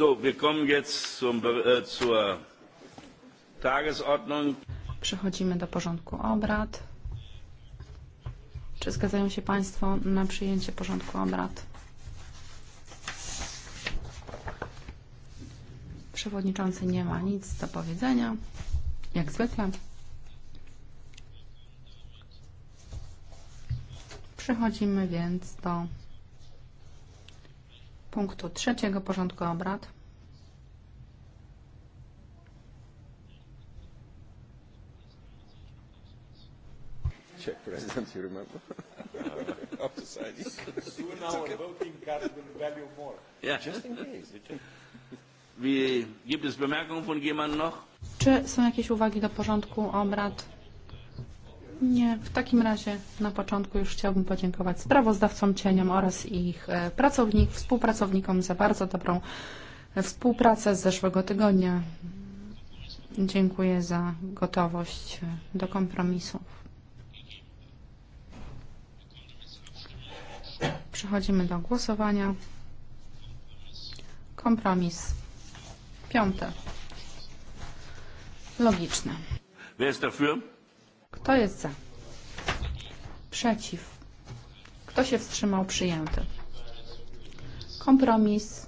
Äh, Przechodzimy do porządku obrad. Czy zgadzają się Państwo na przyjęcie porządku obrad? Przewodniczący nie ma nic do powiedzenia, jak zwykle. Przechodzimy więc do punktu trzeciego porządku obrad. Czech president, you remember? of the signing. Soon our voting card will value more. Yeah. Just in case. Czy są jakieś uwagi do porządku obrad? Nie, w takim razie na początku już chciałbym podziękować sprawozdawcom cieniom oraz ich e, pracownikom, współpracownikom za bardzo dobrą e, współpracę z zeszłego tygodnia. Dziękuję za gotowość e, do kompromisów. Przechodzimy do głosowania. Kompromis. Piąte. Logiczne. Wer ist dafür? Kto jest za? Przeciw. Kto się wstrzymał? Przyjęty. Kompromis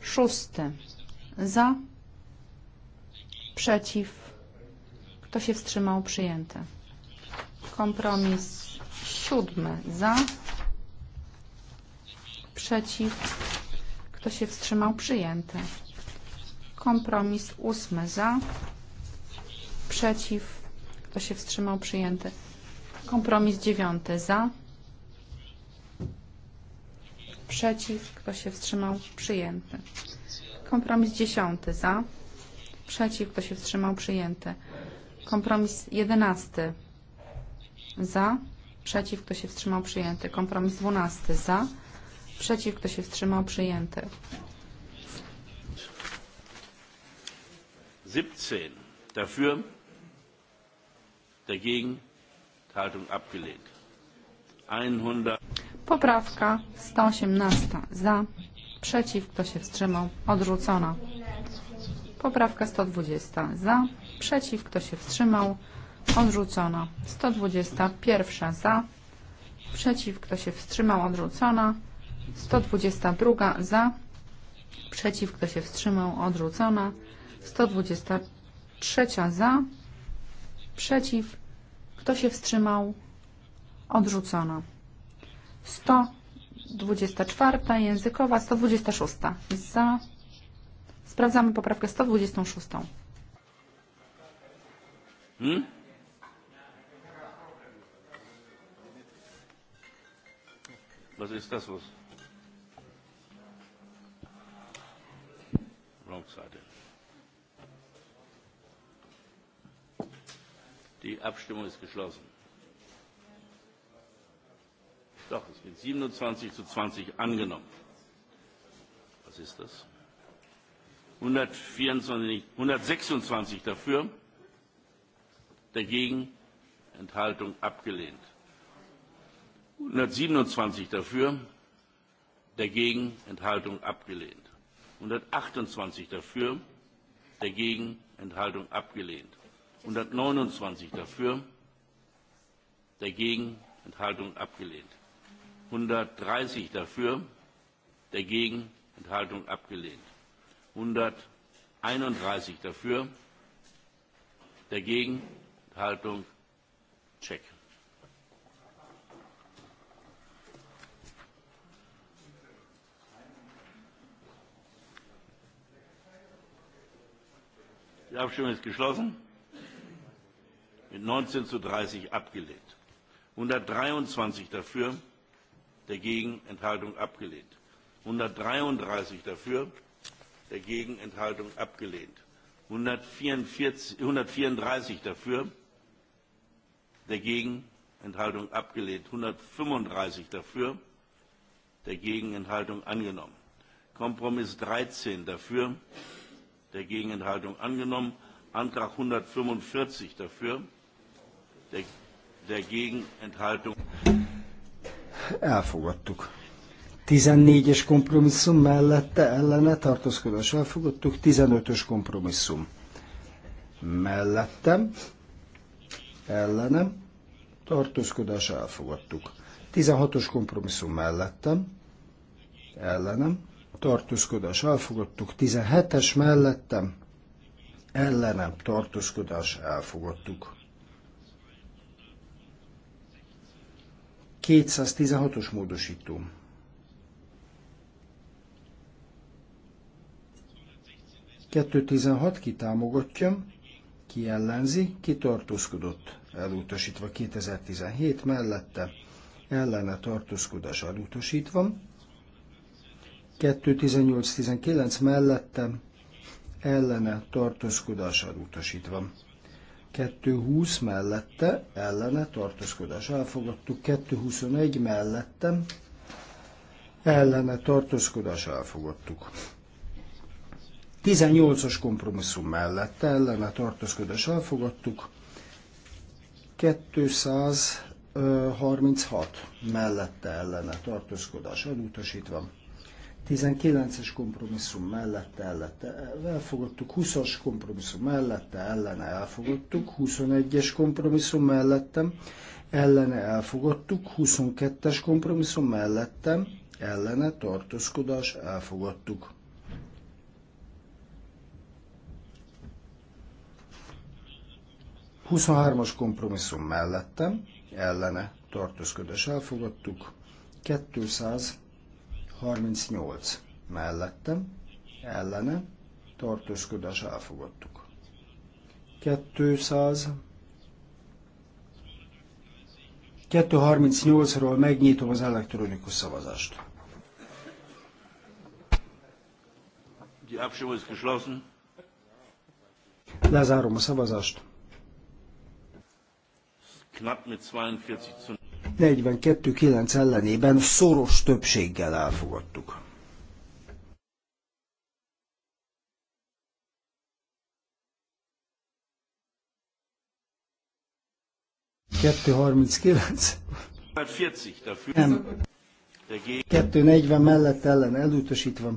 szósty. Za. Przeciw. Kto się wstrzymał? Przyjęty. Kompromis siódmy. Za. Przeciw. Kto się wstrzymał? Przyjęty. Kompromis ósmy. Za. Przeciw. Kto się wstrzymał? Przyjęty. Kompromis dziewiąty. Za. Przeciw. Kto się wstrzymał? Przyjęty. Kompromis dziesiąty. Za. Przeciw. Kto się wstrzymał? Przyjęty. Kompromis jedenasty. Za. Przeciw. Kto się wstrzymał? Przyjęty. Kompromis dwunasty. Za. Przeciw. Kto się wstrzymał? Przyjęty. 17. Dafür Dagegen? Enthaltung abgelehnt. 100. Poprawka 118 za, przeciw, kto się wstrzymał, odrzucona. Poprawka 120 za, przeciw, kto się wstrzymał, odrzucona. 121 za, przeciw, kto się wstrzymał, odrzucona. 122 za, przeciw, kto się wstrzymał, odrzucona. 123 za, Przeciw. Kto się wstrzymał? Odrzucono. 124 językowa, 126 za. Sprawdzamy poprawkę 126. Hmm? Was ist das was? Wrong side. Die Abstimmung ist geschlossen. Doch, es wird 27 zu 20 angenommen. Was ist das? 124, 126 dafür, dagegen, Enthaltung abgelehnt. 127 dafür, dagegen, Enthaltung abgelehnt. 128 dafür, dagegen, Enthaltung abgelehnt. 129 dafür, dagegen, Enthaltung abgelehnt. 130 dafür, dagegen, Enthaltung abgelehnt. 131 dafür, dagegen, Enthaltung, check. Die Abstimmung ist geschlossen mit 19 zu 30 abgelehnt. 123 dafür, dagegen Enthaltung abgelehnt. 133 dafür, dagegen Enthaltung abgelehnt. 144, 134 dafür, dagegen Enthaltung abgelehnt. 135 dafür, dagegen Enthaltung angenommen. Kompromiss 13 dafür, dagegen Enthaltung angenommen. Antrag 145 dafür, dagegen Enthaltung. Elfogadtuk. 14-es kompromisszum mellette ellene tartózkodás elfogadtuk, 15-ös kompromisszum mellettem, ellenem, tartózkodás elfogadtuk. 16-os kompromisszum mellettem, ellenem, tartózkodás elfogadtuk, 17-es mellettem, ellenem, tartózkodás elfogadtuk. 216-os módosító. 216 kitámogatja, ki ellenzi, ki tartózkodott, elutasítva 2017 mellette, ellene tartózkodás elutasítva, 218-19 mellette, ellene tartózkodás elutasítva. 220 mellette, ellene tartózkodás elfogadtuk, 221 mellettem, ellene tartózkodás elfogadtuk. 18-as kompromisszum mellette ellene tartózkodás elfogadtuk, 236 mellette ellene tartózkodás elutasítva, 19-es kompromisszum mellette ellette elfogadtuk, 20-as kompromisszum mellette ellene elfogadtuk, 21-es kompromisszum mellettem ellene elfogadtuk, 22-es kompromisszum mellettem ellene tartózkodás elfogadtuk. Huszonhármas kompromisszum mellettem ellene tartózkodás elfogadtuk, 200 38 mellettem, ellene, tartózkodás elfogadtuk. 200 238-ról megnyitom az elektronikus szavazást. Die Abstimmung ist geschlossen. Lezárom a szavazást. Knapp mit 42 zu 42-9 ellenében szoros többséggel elfogadtuk. Kettő harminckilenc. Nem. 240 mellett ellen elutasítva.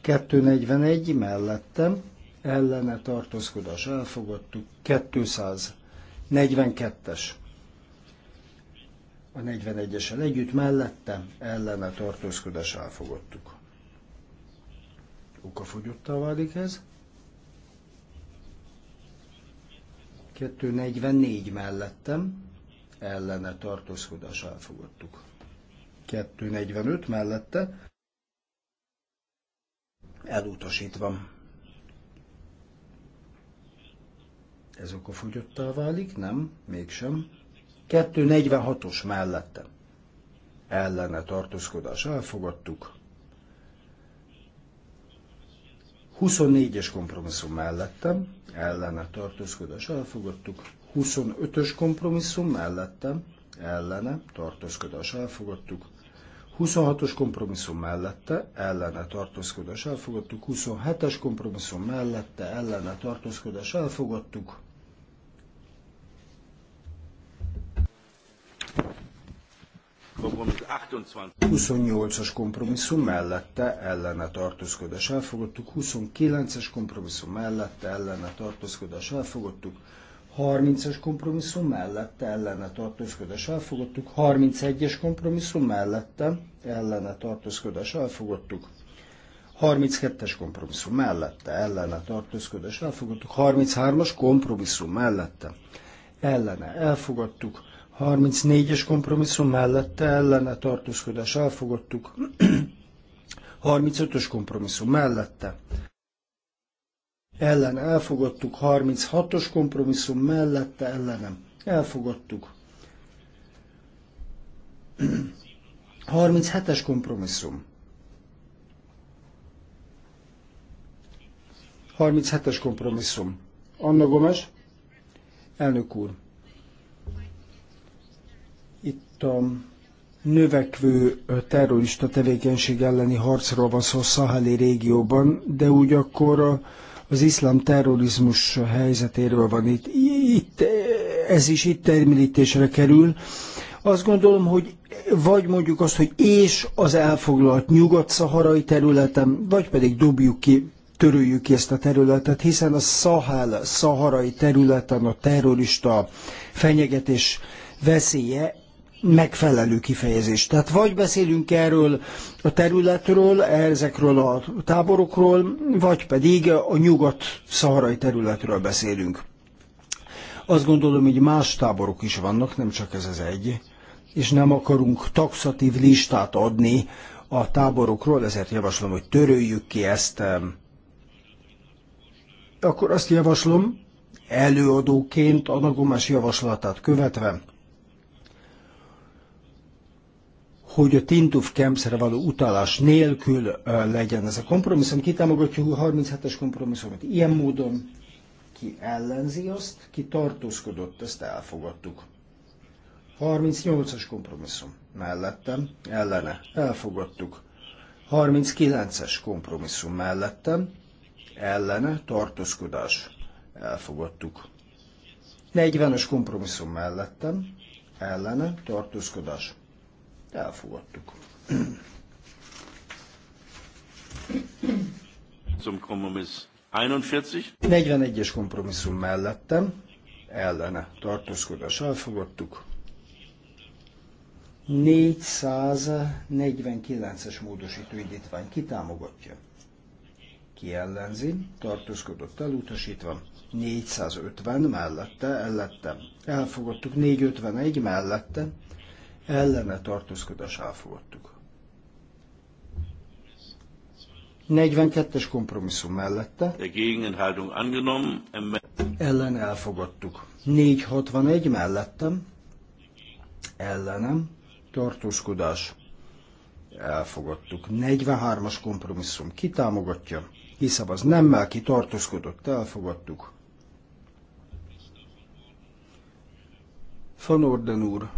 241 mellettem ellene tartózkodás elfogadtuk. 242-es a 41-esen együtt mellettem ellene tartózkodás elfogadtuk. Okafogyottá válik ez. 244 mellettem ellene tartózkodás elfogadtuk. 245 mellette elutasítva. Ez okafogyottá válik? Nem, mégsem. 246-os mellette ellene tartózkodás elfogadtuk. 24-es kompromisszum mellettem, ellene tartózkodás elfogadtuk. 25-ös kompromisszum mellettem, ellene tartózkodás elfogadtuk. 26-os kompromisszum mellette, ellene tartózkodás elfogadtuk. 27-es kompromisszum mellette, ellene tartózkodás elfogadtuk. 28. 28-as kompromisszum mellette ellene tartózkodás elfogadtuk, 29-es kompromisszum mellette ellene tartózkodás elfogadtuk, 30-as kompromisszum mellette ellene tartózkodás elfogadtuk, 31-es kompromisszum mellette ellene tartózkodás elfogadtuk, 32-es kompromisszum mellette ellene tartózkodás elfogadtuk, 33-as kompromisszum mellette ellene elfogadtuk, 34-es kompromisszum mellette ellene tartózkodás elfogadtuk. 35-ös kompromisszum mellette ellen elfogadtuk, 36-os kompromisszum mellette ellenem elfogadtuk. 37-es kompromisszum. 37-es kompromisszum. Anna Gomes, elnök úr. Itt a növekvő terrorista tevékenység elleni harcról van szó Szaheli régióban, de ugyanakkor az iszlám terrorizmus helyzetéről van itt. itt ez is itt termelítésre kerül. Azt gondolom, hogy vagy mondjuk azt, hogy és az elfoglalt nyugat-szaharai területen, vagy pedig dobjuk ki, törüljük ki ezt a területet, hiszen a Szahel, szaharai területen a terrorista fenyegetés veszélye megfelelő kifejezés. Tehát vagy beszélünk erről a területről, ezekről a táborokról, vagy pedig a nyugat-szaharai területről beszélünk. Azt gondolom, hogy más táborok is vannak, nem csak ez az egy, és nem akarunk taxatív listát adni a táborokról, ezért javaslom, hogy töröljük ki ezt. Akkor azt javaslom, előadóként a Nagomás javaslatát követve, hogy a tintuf of re való utalás nélkül legyen ez a kompromisszum. Ki támogatja a 37-es kompromisszumot? Ilyen módon ki ellenzi azt, ki tartózkodott, ezt elfogadtuk. 38-as kompromisszum. Mellettem, ellene, elfogadtuk. 39-es kompromisszum mellettem, ellene, tartózkodás, elfogadtuk. 40-es kompromisszum mellettem, ellene, tartózkodás, Elfogadtuk. Zum Kompromiss 41. 41-es kompromisszum mellettem, ellene tartózkodás elfogadtuk. 449-es módosító indítvány kitámogatja. Ki ellenzi, tartózkodott elutasítva. 450 mellette, ellettem. Elfogadtuk 451 mellette, ellene tartózkodás elfogadtuk. 42-es kompromisszum mellette. Ellen elfogadtuk. 461 mellettem. Ellenem. Tartózkodás. Elfogadtuk. 43-as kompromisszum. kitámogatja, hiszen az nemmel, ki tartózkodott. Elfogadtuk. Van Orden úr,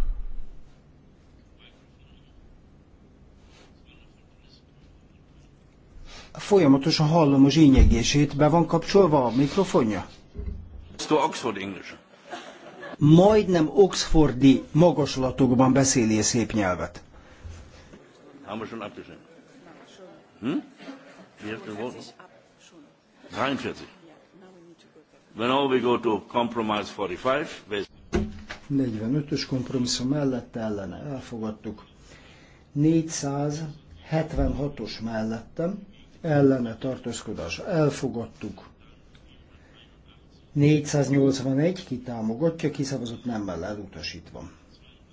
Folyamatosan hallom a zsínyegését. Be van kapcsolva a mikrofonja? Oxford English. Majdnem oxfordi magaslatokban beszéli szép nyelvet. Haben Hm? Wie habt we go to compromise 45. 45-ös kompromisszum mellette ellene elfogadtuk. 476-os mellettem ellene tartózkodás elfogadtuk. 481 kitámogatja, támogatja, kiszavazott nemmel elutasítva.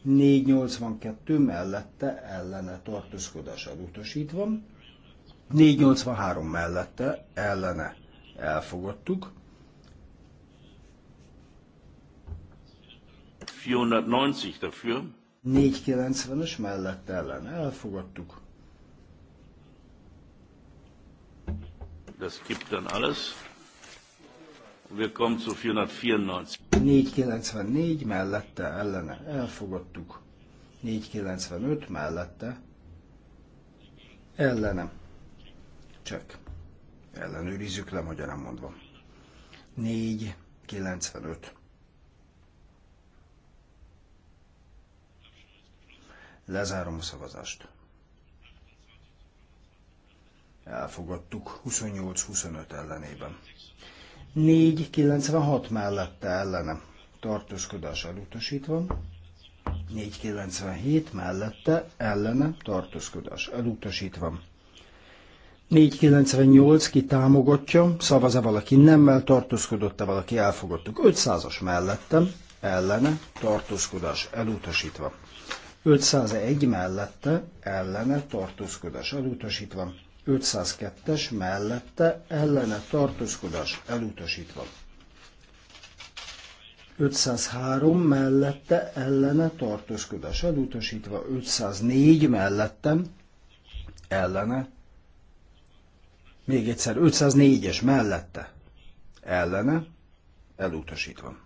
482 mellette ellene tartózkodás elutasítva. 483 mellette ellene elfogadtuk. 490 dafür. 490-es mellette ellen elfogadtuk. Das gibt dann alles. Wir kommen zu 494. 494 mellette ellene elfogadtuk. 495 mellette ellene. Csak ellenőrizzük le magyarán mondva. 495. Lezárom a szavazást elfogadtuk 28-25 ellenében. 496 mellette ellene tartózkodás elutasítva, 497 mellette ellene tartózkodás elutasítva. 498 ki támogatja, szavaz-e valaki nemmel, tartózkodott-e valaki, elfogadtuk. 500-as mellette ellene, tartózkodás elutasítva. 501 mellette, ellene, tartózkodás elutasítva. 502-es mellette ellene tartózkodás elutasítva. 503 mellette ellene tartózkodás elutasítva, 504 mellettem ellene, még egyszer 504-es mellette ellene elutasítva.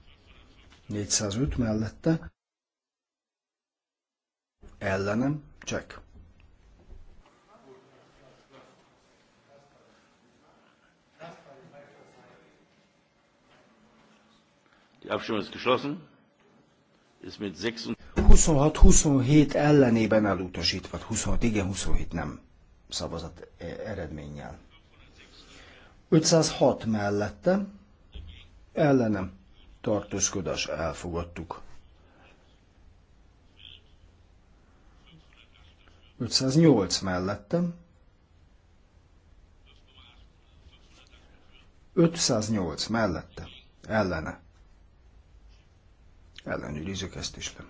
405 mellette ellenem, check. 26-27 ellenében elutasítva, 26 igen, 27 nem szavazat e, eredménnyel. 506 mellette ellenem tartózkodás elfogadtuk. 508 mellettem. 508 mellette, ellene Ellenőrizzük ezt is le.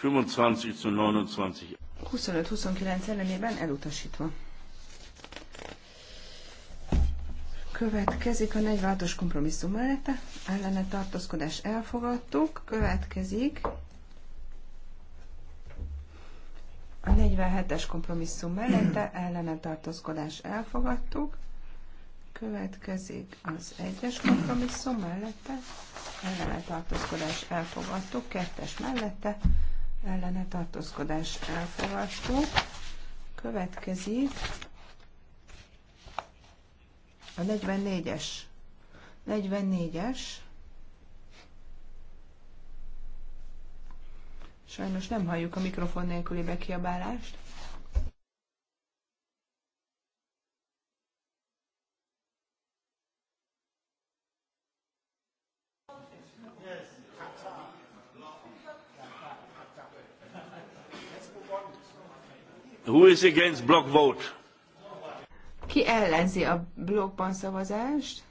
zu 29. 25-29 ellenében elutasítva. Következik a 46-os kompromisszum mellette, ellene tartózkodás elfogadtuk, következik A 47-es kompromisszum mellette ellene tartózkodás elfogadtuk. Következik az 1-es kompromisszum mellette ellene tartózkodás elfogadtuk. 2-es mellette ellene tartózkodás elfogadtuk. Következik a 44-es. 44-es Sajnos nem halljuk a mikrofon nélküli bekiabálást. Who is against block vote? Ki ellenzi a blokkban szavazást?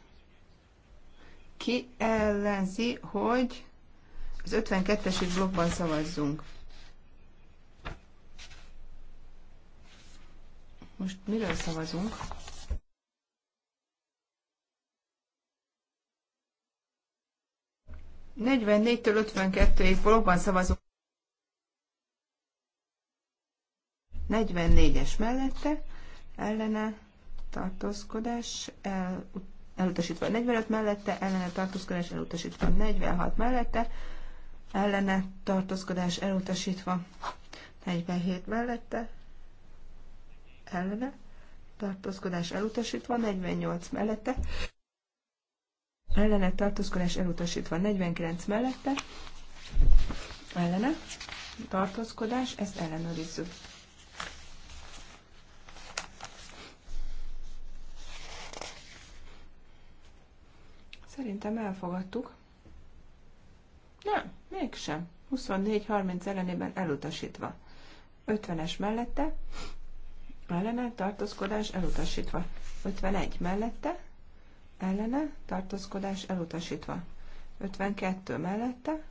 Ki ellenzi, hogy az 52 es blokkban szavazzunk. Most miről szavazunk? Negyvennégytől ötvenkettőig blogban szavazunk. 44-es mellette ellene tartózkodás el, elutasítva 45 mellette, ellene tartózkodás elutasítva 46 mellette, ellene tartózkodás elutasítva. 47 mellette ellene tartózkodás elutasítva, 48 mellette ellene tartózkodás elutasítva, 49 mellette ellene tartózkodás, ezt ellenőrizzük. Szerintem elfogadtuk. Nem, mégsem. 24-30 ellenében elutasítva. 50-es mellette, ellene, tartózkodás elutasítva. 51 mellette, ellene, tartózkodás elutasítva. 52 mellette,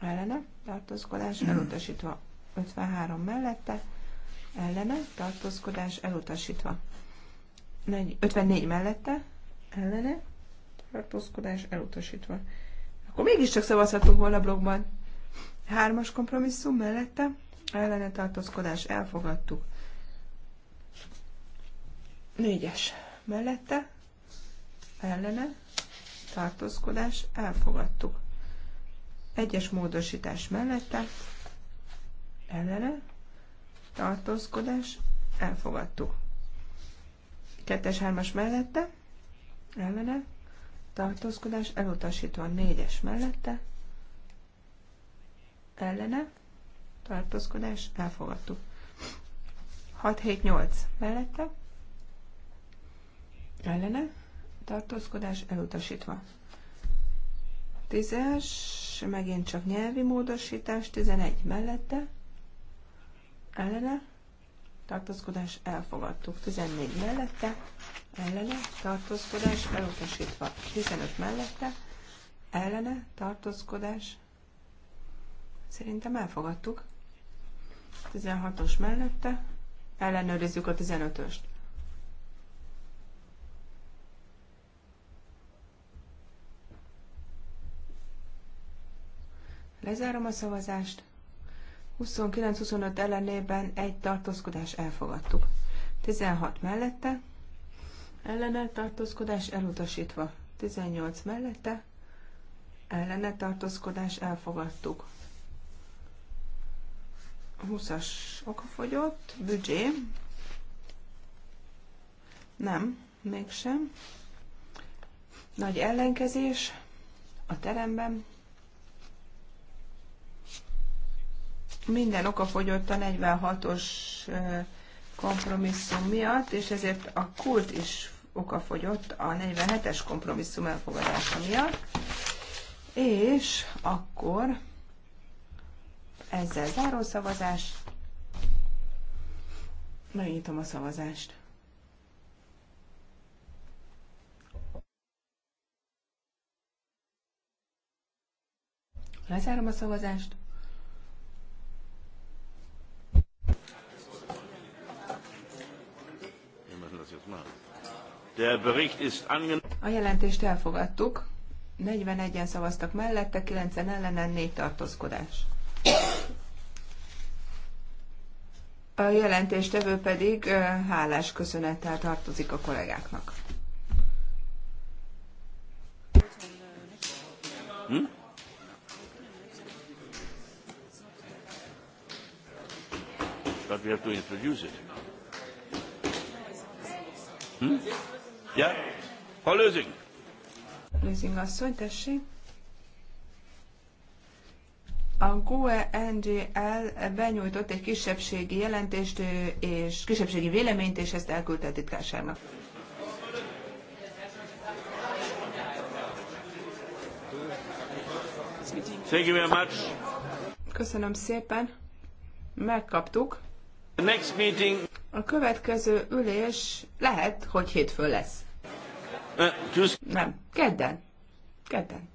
ellene, tartózkodás elutasítva. 53 mellette, ellene, tartózkodás elutasítva. 54 mellette, ellene, tartózkodás elutasítva akkor mégiscsak szavazhatunk volna blogban. Hármas kompromisszum mellette ellene tartózkodás elfogadtuk. Négyes mellette ellene tartózkodás elfogadtuk. Egyes módosítás mellette ellene tartózkodás elfogadtuk. Kettes-hármas mellette ellene tartózkodás elutasítva a négyes mellette, ellene, tartózkodás elfogadtuk. 6-7-8 mellette, ellene, tartózkodás elutasítva. 10-es, megint csak nyelvi módosítás, 11 mellette, ellene, tartózkodás elfogadtuk. 14 mellette, ellene, tartózkodás elutasítva. 15 mellette, ellene, tartózkodás, szerintem elfogadtuk. 16-os mellette, ellenőrizzük a 15-öst. Lezárom a szavazást. 29-25 ellenében egy tartózkodás elfogadtuk. 16 mellette, ellene tartózkodás elutasítva. 18 mellette, ellene tartózkodás elfogadtuk. 20-as okafogyott, büdzsé. Nem, mégsem. Nagy ellenkezés a teremben, minden oka fogyott a 46-os kompromisszum miatt, és ezért a kult is oka fogyott a 47-es kompromisszum elfogadása miatt. És akkor ezzel záró szavazás. Megnyitom a szavazást. Lezárom a szavazást. A jelentést elfogadtuk. 41-en szavaztak mellette, 9-en ellenen, 4 tartózkodás. A jelentéstevő pedig hálás köszönettel tartozik a kollégáknak. Hm? But we have to introduce it. Hm? Ja? Frau Lösing. Lösing asszony, tessék. A GUE NGL benyújtott egy kisebbségi jelentést és kisebbségi véleményt, és ezt elküldte a titkárságnak. Thank you very much. Köszönöm szépen. Megkaptuk. A következő ülés lehet, hogy hétfő lesz. Uh, Nem, kedden. Kedden.